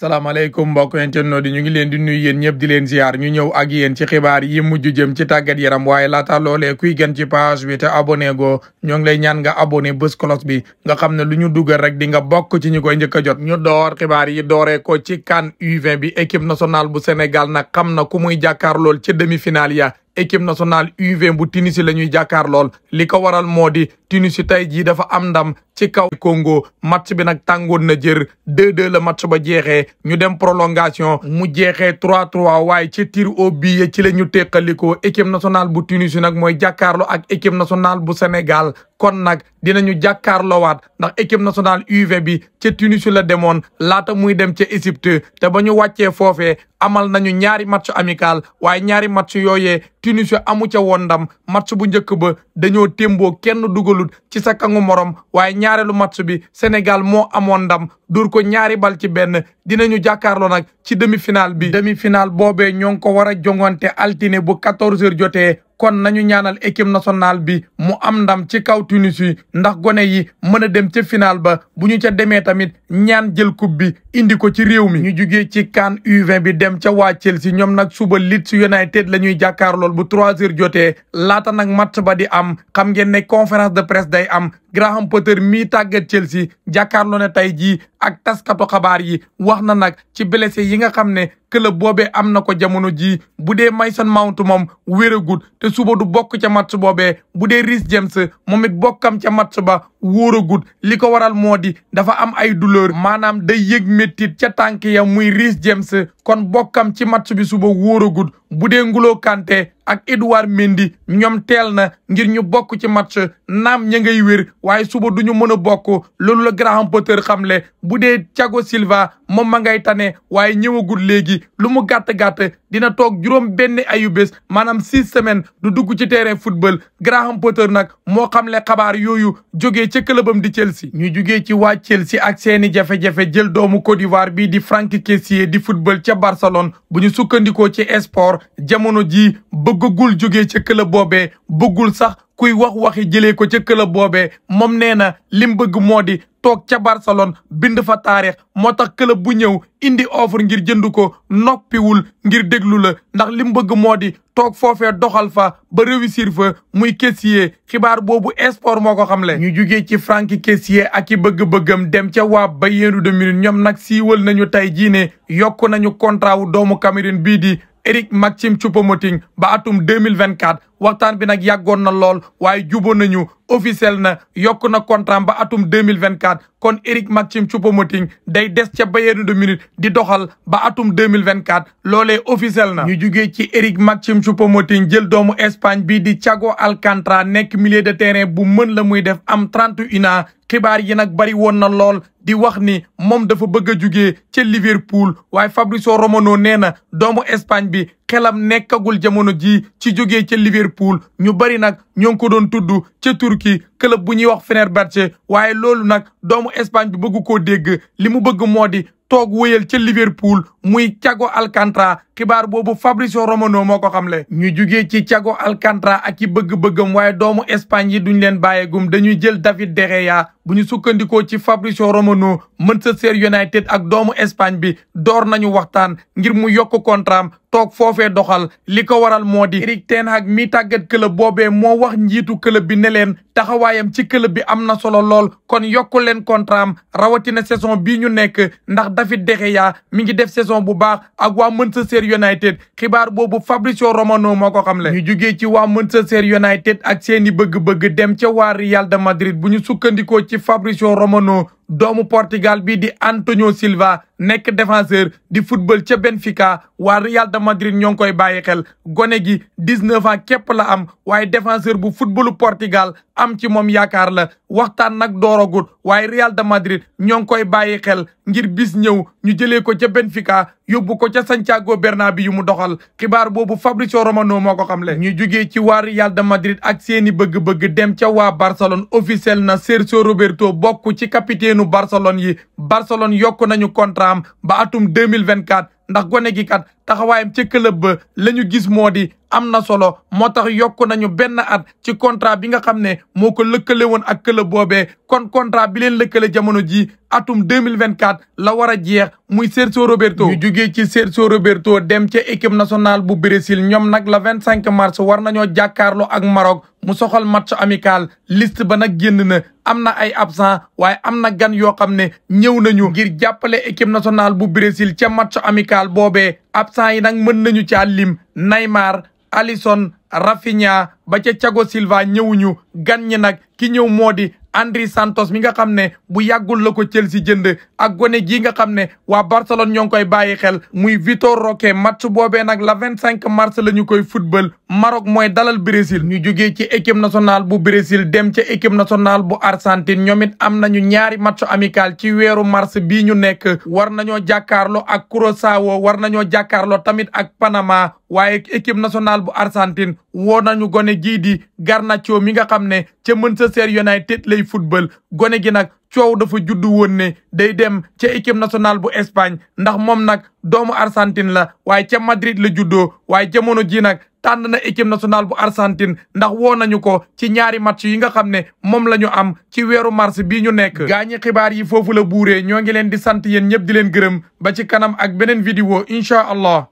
salaamaaleykum mbokk internet di ñu ngi leen di nuyu yéen ñëpp di leen ziar ñu ñëw ak yéen ci xibaar yi mujj jëm ci tàggat yaram waaye laata loolee kuy gën ci page bi te abonné go ñoo ngi lay ñaan nga abonné bés cloche bi nga xam ne lu ñu dugal rek di nga bokk ci ñu koy njëkk a jot ñu door xibaar yi dooree ko ci CAN u bi équipe national bu Sénégal nag xam na ku muy jàkkaarlool ci demi final ya équipe national u bu Tunisie la ñuy jàkkaar lool li ko waral moo di Tunisie tey jii dafa am ndam ci kaw Congo match bi nag tàngoon na jër 2-2 la match ba jeexe ñu dem prolongation mu jeexee 3-3 waaye ci tir au but ci la ñu teqalikoo équipe nationale bu Tunisie nag mooy jàkkaarloo ak équipe nationale bu Sénégal kon nag dinañu jàkkaarloowaat ndax équipe nationale uv bi ci Tunisie la demoon laata muy dem ci Égypte te ba ñu wàccee foofee amal nañu ñaari match amical waaye ñaari match yooyee Tunisie amu ca woon ndam match bu njëkk ba dañoo témboo kenn dugalut ci sa morom waaye ñaareelu match bi Sénégal moo amoon ndam dóor ko ñaari bal ci benn dinañu jàkkaarloo nag ci demi-finale bi demi-finale boobee ñoo ngi ko war a jongante altine bu 14h jotee kon nañu ñaanal équipe nationale bi mu am ndam ci kaw Tunisie ndax gone yi mën a dem ca final ba bu ñu ca demee tamit ñaan jël coupe bi indi ko ci réew mi. ñu jugee ci CAN u bi dem ca waa Chelsea ñoom nag suba Leeds United la ñuy jàkkaarlool bu trois heures jotee laata nag match ba di am xam ngeen ne conférence de presse day am Graham Potter mii tàggat Chelsea jàkkaarloo ne tey jii ak taskatu xabaar yi wax na nag ci blessé yi nga xam ne club boobe am na ko jamono jii bu dee Mason Mount moom wéragut te suba du bokk ca match boobee bu dee Reece James moom it bokkam ca match ba wóoragut li ko waral moo di dafa am ay douleur maanaam day yëg méttit ca tànk ya muy Reece James kon bokkam ci match bi suba wóoragut bu dee Ngolo Kanté ak Edouard Mendy ñoom teel na ngir ñu bokk ci match naam ña ngay wér waaye suba du ñu mën a bokk loolu la Graham Potter xamle bu dee cago Silva moom ma ngay tane waaye ñëwagul léegi lu mu gàtt-gàtt dina toog juróom benn ayubés maanaam six semaines du dugg ci terrain football Graham Potter nag moo xamle xabaar yooyu jógee ca clubam di Chelsea ñu jugee ci waa Chelsea ak seeni jafe-jafe jël doomu Côte d'Ivoire bii di Franck Kessié di football ca Barcelone bu ñu sukkandikoo ci Esport jamono ji bëggagul jugee ca club boobee bëggul sax kuy wax waxi jëlee ko ca club boobee moom nee na lim bëgg moo di toog ca Barcelone bind fa taarix moo tax club bu ñëw indi offre ngir jënd ko noppiwul ngir déglu la ndax lim bëgg moo di toog foofee doxal fa ba réussir fa muy Kessié xibaar boobu esport moo ko xamle. ñu jugee ci Franck Kessié ak i bëgg-bëggam dem ca waa Bayern de Munich ñoom nag siiwal nañu tey jii ne yokk nañu contrat wu doomu Cameroun bii di Eric Maxime Choupo-Moting ba atum deux mille vingt-quatre waxtaan bi nag yàggoon na lool waaye jubo nañu officiel na yokk na contrat ba atum 2024 kon Éric Maxime Choupo-Moting day des ca Bayern de Munich di doxal ba atum 2024 loolee officiel na. ñu jugee ci Éric Maxime Choupo-Moting jël doomu Espagne bii di cago Alcantara nekk millier de terrain bu mën la muy def am 31 ans xibaar yi nag bari woon na lool di wax ni moom dafa bëgg a jugee ca Liverpool waaye Fabrizio Romano nee na doomu Espagne bi. xelam nekkagul jamono ji ci jógee ca Liverpool ñu bari nag ñoo ngi ko doon tudd ca Turquie club bu ñuy wax Fenerbahçe waaye loolu nag doomu Espagne bi bëgg koo dégg li mu bëgg moo di toog wéyal ca Liverpool muy cago Alcantara xibaar boobu Fabrizio Romano moo ko xamle ñuy jugee ci Thiago Alcantara ak i bëgg-bëggam waaye doomu Espagne yi duñ leen bàyyeegum dañuy jël David De Gea bu ñu sukkandikoo ci Fabrizio Romano Manchester United ak doomu Espagne bi door nañu waxtaan ngir mu yokk kontraam toog foofee doxal li ko waral moo di Erik ten Hag mi tàggat club boobe moo wax njiitu club bi ne leen taxawaayam ci club bi am na solo lool kon yokku leen contrat rawatina saison bii ñu nekk ndax dafit De Gea ngi def saison bu baax ak waa Manchester United xibaar boobu Fabrizio Romano moo ko xamle. ñu jugee ci waa Manchester United ak seeni bëgg-bëgg dem ca waa Real de Madrid bu ñu sukkandikoo ci Fabrizio Romano doomu Portugal bii di Antonio Silva. nekk defenseur di football ca Benfica wa Real de Madrid ñoo ngi koy bàyyi xel gone gi dix-neuf ans képp la am waaye défenseur bu footballu Portugal am ci moom yaakaar la waxtaan nag dooragut waaye Real de Madrid ñoo ngi koy bàyyi xel ngir bis ñëw ñu jëlee ko ca Benfica yóbbu ko ca Santiago yu mu doxal xibaar boobu Fabrizio Romano moo ko xamle. ñu jugee ci waa Real de Madrid ak seeni bëgg-bëgg dem ca wa Barcelone officiel na Sergio Roberto bokk ci capitaine u Barcelone yokk nañu contrat. am ba atum 2024 ndax gone gi kat taxawaayam ca club ba la ñu gis moo di am na solo moo tax yokk nañu benn at ci contrat bi nga xam ne moo ko lëkkale woon ak club boobee kon contrat bi leen lëkkale jamono ji atum deux mille vingt quatre la war a jeex muy Sergio Roberto. ñu jugee ci Sergio Roberto dem ca équipe nationale bu Brésil ñoom nag la vingt cinq mars war nañoo jàkkaarloo ak Maroc mu soxal match amicale liste ba nag génn na am na ay absent waaye am na gan yoo xam ne ñëw nañu ngir jàppale équipe nationale bu Brésil ca match amical boobee. absent yi nag mën nañu caa lim Neymar Alisson Rafinha ba ca Thiago Silva ñëwuñu gan ñi nag ki ñëw moo di Andri Santos mi nga xam ne bu yàggul la ko Chelsea jënd ak gone gi nga xam ne waa Barcelone ñoo ngi koy bàyyi xel muy Vitor Roque match boobee nag la vingt cinq mars la ñu koy football Maroc mooy dalal Brésil ñu jógee ci équipe nationale bu Brésil dem ci équipe nationale bu Argentine ñoom it am nañu ñaari match amical ci weeru mars bii ñu nekk war nañoo jàkkaarloo ak Curaçao war nañoo jàkkaarloo tamit ak Panama waaye équipe nationale bu Argentine woo nañu gone gii di Garnacho mi nga xam ne ca Manchester United bay gone gi nag coow dafa juddu woon ne day dem ca équipe national bu Espagne ndax moom nag doomu Argentine la waaye ca Madrid la juddoo waaye jamono ji nag tànn na équipe national bu Argentine ndax woo nañu ko ci ñaari match yi nga xam ne moom la ñu am ci weeru mars bii ñu nekk. gaañi xibaar yi foofu la buuree ñoo ngi leen di sant yéen ñëpp di leen gërëm ba ci kanam ak beneen vidéo incha allah.